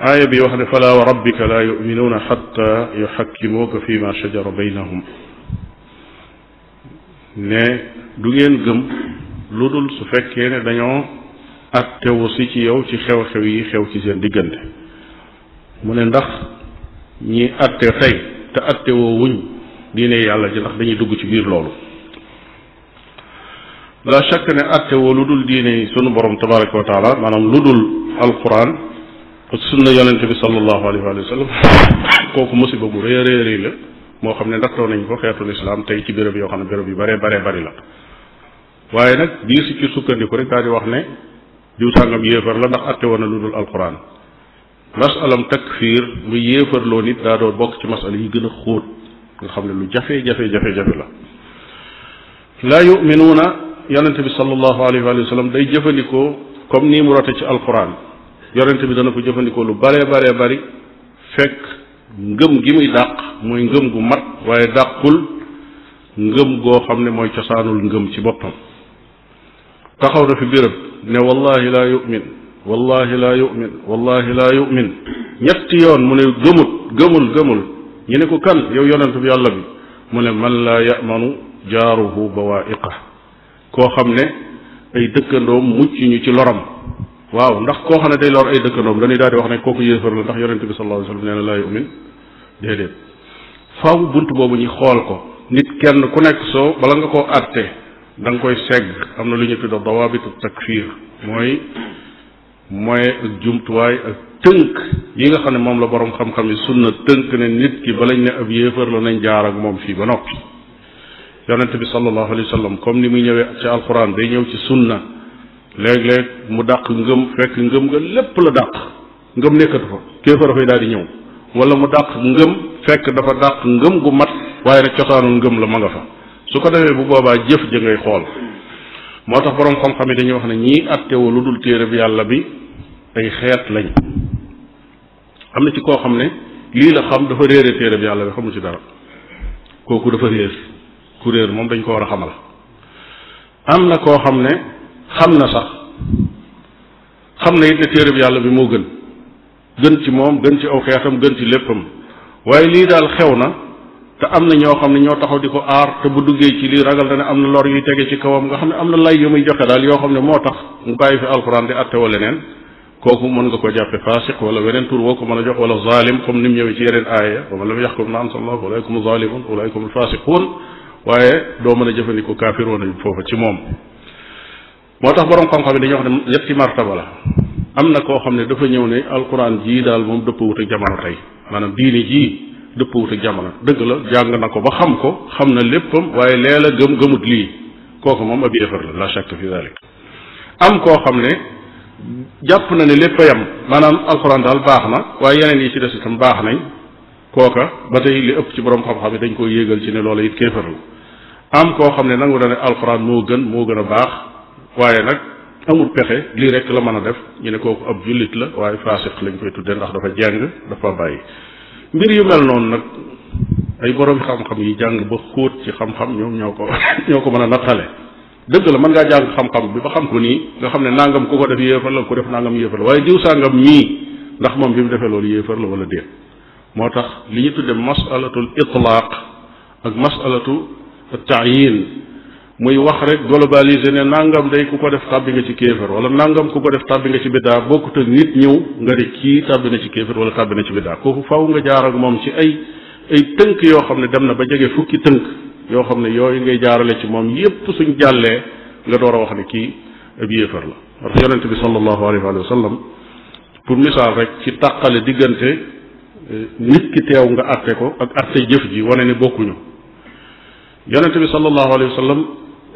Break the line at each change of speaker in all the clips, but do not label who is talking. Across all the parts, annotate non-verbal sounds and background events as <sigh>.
aaya bi wax ne fala wa rabbika laa yuminuuna xatta yuxakkimuuka fi ma shajara baynahum ne du ngeen gëm lu dul su fekkee ne dañoo attewu si ci yow ci xew-xew yi xew ci seen diggante mu ne ndax ñi atte tey te attewoo wuñ diine yàlla ji ndax dañuy dugg ci biir loolu la shakk ne attewoo lu dul diine sunu borom tabaraka wa taala maanaam lu dul alquran ak sunna yonente bi sallallahu alayhi wa sallam kooku musiba bu rëy a rëy la moo xam ne ndattoo nañ ko xeetul islam tey ci bërëb yoo xam ne béréb yu bare bare bari la waaye nag dii si ci sukkandiku rek daal di wax ne diw sàngam yéefar la ndax atte woon na lu dul alquran masalam takfir mu yéefarloo nit daa doon bokk ci masala yi gën a xóot nga xam ne lu jafe jafe jafe jafe la laa yuminuuna yonente bi sallallahu alayhi wa sallam day jëfandikoo comme nii mu ci alquran yonent bi dana ko jëfandikoo lu bare bare bari fekk ngëm gi muy dàq mooy ngëm gu mat waaye dàqul ngëm goo xam ne mooy cosaanul ngëm ci boppam taxaw na fi béréb ne wallahi laa yu'min wallahi laa yu'min wallahi yoon mu ne gëmut gëmul gëmul ñu ne ko kan yow yonent bi yàlla bi mu ne man laa ya'manu jaaruhu bawaa'iqa koo xam ne ay dëkkandoom mucc ñu ci loram waaw ndax koo xam ne day lor ay dëkkandoom dañuy daal di wax ne kooku yéefar la ndax yonente bi sallallahu alayhi wa sallam nee na laa bunt boobu ñu xool ko nit kenn ku nekk soo bala nga koo àtte da nga koy segg am na lu ñu tudd dawaabitu takfir mooy mooy ak jumtuwaay ak tënk yi nga xam ne moom la borom xam-xam yi sunna tënk ne nit ki balañ ne ab yéefar la nañ jaar ak moom fii ba noppi yonente bi sallallahu alayhi wa sallam comme ni muy ñëwee ci alquran day ñëw ci sunna léeg-léeg mu dàq ngëm fekk ngëm nga lépp la dàq ngëm nekkatu fa kéefar dafay daal di ñëw wala mu dàq ngëm fekk dafa dàq ngëm gu mat waaye nag cosaanu ngëm la ma nga fa su ko defee bu boobaa jëf ja xool moo tax boroom xam-xam yi dañuy wax ne ñii attewoo lu dul téere bi yàlla bi ay xeet lañ am na ci koo xam ne lii la xam dafa réere téere bi yàlla bi xamu ci dara kooku dafa réer ku réer moom dañ ko war a xamal am na koo xam ne xam na sax xam na it ne téere bi yàlla bi moo gën gën ci moom gën ci aw xeetam gën ci léppam waaye lii daal xew na te am na ñoo xam ne ñoo taxaw di ko aar te bu duggee ci lii ragal dana am na lor yuy tege ci kawam nga xam ne am na lay yu muy joxe daal yoo xam ne moo tax mu bàyyi fi alxuraan di atte wala leneen kooku mën nga ko jàppe faasiq wala weneen tur woo ko mën a jox wala zalim comme ni mu ñëwee ci yeneen aaya wa man lam yaxkum na ko allah ulaikum zalimun doo mën a jëfandikoo kaafiroon foofa ci moom moo tax borom xam-xam yi dañuy wax ne ñetti martaba la am na koo xam ne dafa ñëw ne alquran jii daal moom dëppawut ak jamono tey maanaam diini jii dëppawut ak jamono dëgg la jàng na ko ba xam ko xam na léppam waaye leela gëm gëmut lii kooku moom ab yéefar la la shakk fi dalik am koo xam ne jàpp na ne lépp a yam maanaam alxuraan daal baax na waaye yeneen yi ci des itam baax nañ kooka ba tey li ëpp ci borom xam-xam yi dañ koy yéegal ci ne loola it kéefar la am koo xam ne nangu na ne alxuraan moo gën moo gën a baax waaye nag amul pexe lii rek la mën a def ñu ne kooku ab jullit la waaye faasiq lañ koy tudde ndax dafa jàng dafa bàyyi mbir yu mel noonu nag ay borom xam-xam yi jàng ba xóot ci xam-xam ñoom ñoo ko <laughs> ñoo ko mën a nattale dëgg la mën ngaa jàng xam-xam bi ba xam ko nii nga xam ne nangam ku ko def yéefar la ku def nangam yéefar la waaye diw sàngam mii ndax moom bi mu defee loolu yéefar la wala déet moo tax li ñu tudde masalatul itlaaq ak masalatu taayin muy wax rek globaliser ne nangam day ku ko def tàbbi nga ci kéefër wala nangam ku ko def tàbbi nga ci biddaa bokkut ak nit ñëw nga ne kii tàbbi na ci kéefër wala tàbbi na ci biddaa kooku faw nga jaar ak moom ci ay ay tënk yoo xam ne dem na ba jege fukki tënk yoo xam ne yooyu ngay jaarale ci moom yépp suñ jàllee nga door a wax ne kii ak yéefar la wax yonente bi sallallahu alayhi wa sallam pour misaal rek ci tàqale diggante euh, nit ki teew nga atte ko ak atte jëf ji wane ne bokkuñu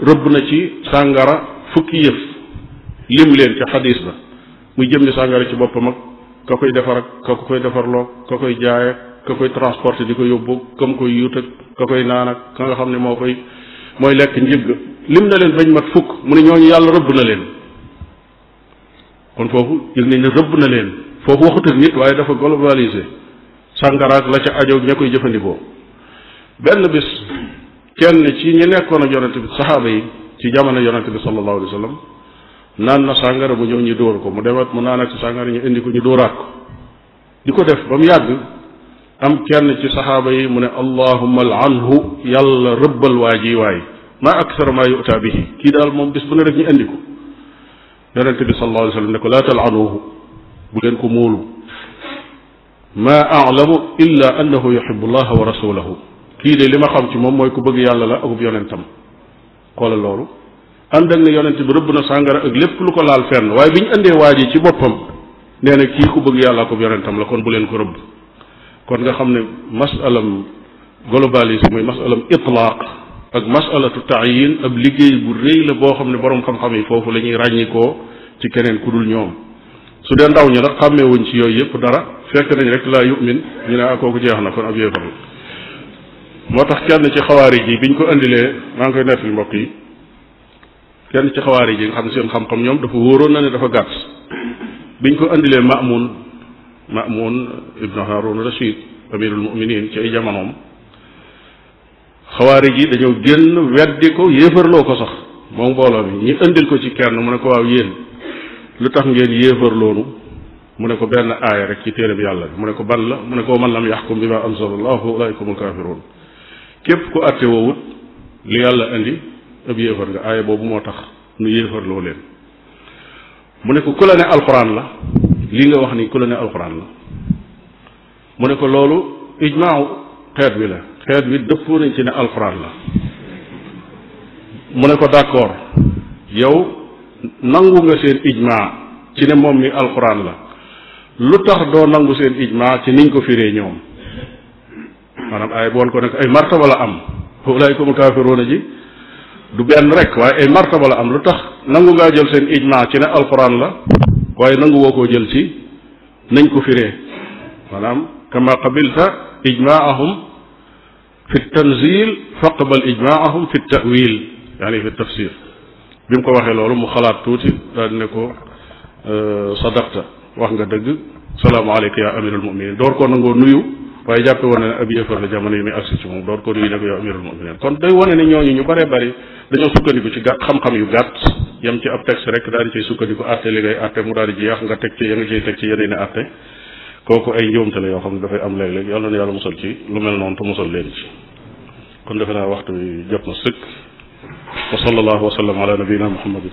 rëbb na ci sàngara fukki yëf lim leen ca xadis ba muy jëmmi sàngara ci boppam ak ka koy defar ak ka koy defarloo ka koy jaay ak ka koy transporté di ko yóbbu ka mu koy yuut ak ka koy naan ak ka nga xam ne moo koy mooy lekk njëgg lim na leen bañ mat fukk mu ne ñooñu yàlla rëbb na leen kon foofu yëg nañ ne rëbb na leen foofu waxutal nit waaye dafa globalisé sàngara ak la ca ajoog ña koy jëfandikoo benn bis kenn ci ñi nekkoon ak yonente bi saxaaba yi ci jamono yonente bi sallallahu alayhi wa sallam naan na sàngara mu ñu dóor ko mu demaat mu naan ak sàngara ñu indi ko ñu dóoraat ko di ko def ba mu yàgg am kenn ci saxaaba yi mu ne allahumma al'anhu yàlla rëbbal waa ji waay maa aksara maa yu'ta bihi kii daal moom bis bu ne rek ñu indi ko yonente bi sallallahu alayhi wa sallam ne ko laa tal'anuhu bu leen ko móolu maa a'lamu illa annahu kii de li ma xam ci moom mooy ku bëgg yàlla la akub yonentam xoolal loolu ànd ak ne yonent bi rëbb na sàngara ak lépp lu ko laal fenn waaye bi ñu andee waa ji ci boppam nee na kii ku bëgg yàlla akub yonentam la kon bu leen ko rëbb kon nga xam ne masalam globalisme muy masalam itlaaq ak masalatu taayin ak liggéey bu rëy la boo xam ne borom xam-xam yi foofu lañuy ñuy ràññikoo ci keneen ku dul ñoom su dee ndaw ñi nag xàmmee wuñ ci yooyu yëpp dara fekk nañ rek laa yumin ñu ne ah, kooku jeex na kon ab yéefar la moo tax kenn ci xawaari ji biñ ko indilee maa ngi koy nettali mbokk yi kenn ci xawaari ji nga xam seen xam-xam ñoom dafa wóoroon na ne dafa gàtt biñ ko indilee Maamun Maamun ibnu Haarun Rashid amirul muminin ci ay jamonoom xawaari ji dañoo génn weddi ko yéefarloo ko sax moom mbooloo mi ñi indil ko ci kenn mu ne ko waaw yéen lu tax ngeen yéefarloonu mu ne ko benn aaya rek ci téereb yàlla mu ne ko ban la mu ne ko man lam yaxkum bi ma anzala allahu ulaikumul kafirun képp ku àtte woowut li yàlla indi ab yéefar nga aaya boobu moo tax nu yéefar loo leen mu ne ko ku la ne alxuraan la lii nga wax ni ku la ne alxuraan la mu ne ko loolu ijmaaw xeet wi la xeet wi dëppoo nañ ci ne alxuraan la mu ne ko d'accord yow nangu nga seen ijmaa ci ne moom mi alxuraan la lu tax doo nangu seen ijmaa ci niñ ko firee ñoom maanaam ay bool ko nekk ay martaba la am ulaayikum kaafiruuna ji du benn rek waaye ay martaba la am lu tax nangu ngaa jël seen ijma ci ne alquran la waaye nangu woo koo jël ci nañ ko fire maanaam kama qabilta ijmaahum fi tanzil faqbal ijmaahum fi tawil yaani fi tafsir bi mu ko waxee loolu mu xalaat tuuti daal ne ko sadaqta wax nga dëgg salaamaaleyka ya amirul muminin door koo nangoo nuyu waaye jàppe woon na ne ab yéefar la jamono yi muy agsi ci moom door ko nuyu ne ko yow amirul muminin kon day wane ne ñooñu ñu bare bari dañoo sukkandiku ci gàtt xam-xam yu gàtt yam ci ab texte rek daal di cay sukkandiku àtte li ngay àtte mu daal di jeex nga teg ci ya nga cay teg ci yeneen i àtte kooku ay njuumte la yoo xam ne dafay am léeg-léeg yàlla na yàlla musal ci lu mel noonu te musal leen ci kon defe naa waxtu bi jot na sëkk wa sallallahu wa sallam ala nabiyina muhammadin